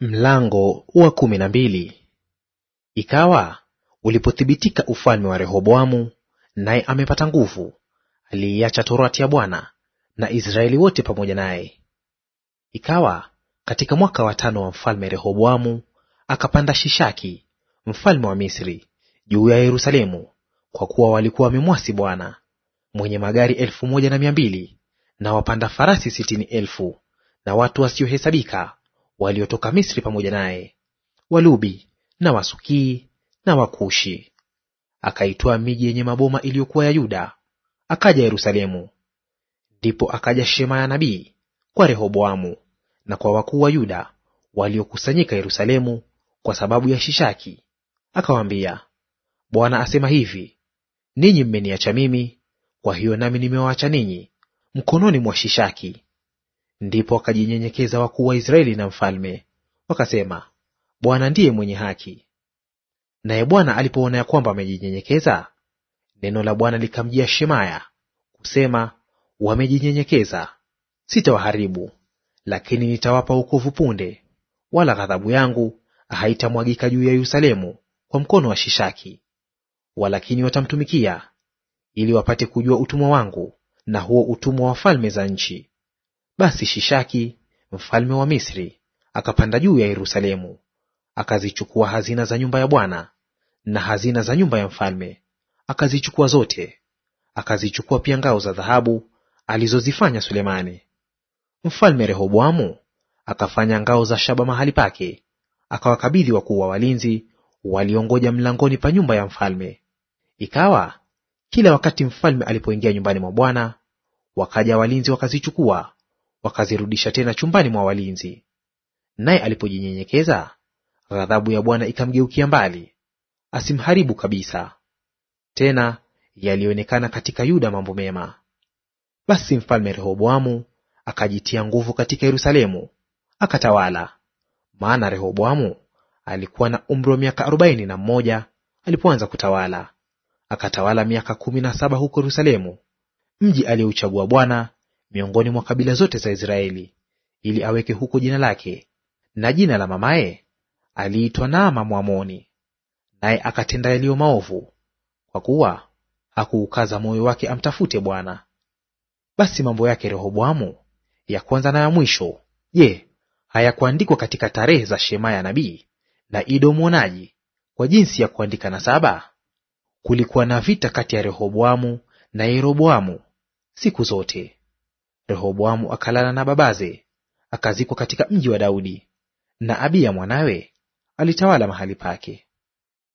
Mlango wa kumi na mbili. Ikawa ulipothibitika ufalme wa Rehoboamu, naye amepata nguvu, aliiacha torati ya Bwana na Israeli wote pamoja naye. Ikawa katika mwaka wa tano wa mfalme Rehoboamu, akapanda Shishaki mfalme wa Misri juu ya Yerusalemu, kwa kuwa walikuwa wamemwasi Bwana, mwenye magari elfu moja na mia mbili na wapanda farasi sitini elfu na watu wasiohesabika waliotoka Misri pamoja naye, Walubi na Wasukii na Wakushi. Akaitwaa miji yenye maboma iliyokuwa ya Yuda, akaja Yerusalemu. Ndipo akaja Shemaya nabii kwa Rehoboamu na kwa wakuu wa Yuda waliokusanyika Yerusalemu kwa sababu ya Shishaki, akawaambia, Bwana asema hivi, ninyi mmeniacha mimi, kwa hiyo nami nimewaacha ninyi mkononi mwa Shishaki Ndipo wakajinyenyekeza wakuu wa Israeli na mfalme, wakasema, Bwana ndiye mwenye haki. Naye Bwana alipoona ya kwamba amejinyenyekeza, neno la Bwana likamjia Shemaya kusema, wamejinyenyekeza, sitawaharibu, lakini nitawapa wokovu punde, wala ghadhabu yangu haitamwagika juu ya Yerusalemu kwa mkono wa Shishaki. Walakini watamtumikia ili wapate kujua utumwa wangu na huo utumwa wa falme za nchi, basi Shishaki mfalme wa Misri akapanda juu ya Yerusalemu, akazichukua hazina za nyumba ya Bwana na hazina za nyumba ya mfalme, akazichukua zote, akazichukua pia ngao za dhahabu alizozifanya Sulemani. Mfalme Rehoboamu akafanya ngao za shaba mahali pake, akawakabidhi wakuu wa walinzi waliongoja mlangoni pa nyumba ya mfalme. Ikawa kila wakati mfalme alipoingia nyumbani mwa Bwana, wakaja walinzi wakazichukua wakazirudisha tena chumbani mwa walinzi. Naye alipojinyenyekeza, ghadhabu ya Bwana ikamgeukia mbali, asimharibu kabisa. Tena yalionekana katika Yuda mambo mema. Basi mfalme Rehoboamu akajitia nguvu katika Yerusalemu, akatawala. Maana Rehoboamu alikuwa na umri wa miaka arobaini na mmoja alipoanza kutawala, akatawala miaka kumi na saba huko Yerusalemu, mji aliyeuchagua Bwana miongoni mwa kabila zote za Israeli, ili aweke huko jina lake. Na jina la mamaye aliitwa Naama Mwamoni, naye akatenda yaliyo maovu, kwa kuwa hakuukaza moyo wake amtafute Bwana. Basi mambo yake Rehoboamu ya kwanza na ya mwisho, je, hayakuandikwa katika tarehe za Shemaya nabii na Ido mwonaji kwa jinsi ya kuandika na saba Kulikuwa na vita kati ya Rehoboamu na Yeroboamu siku zote. Rehoboamu akalala na babaze, akazikwa katika mji wa Daudi. Na Abiya mwanawe alitawala mahali pake.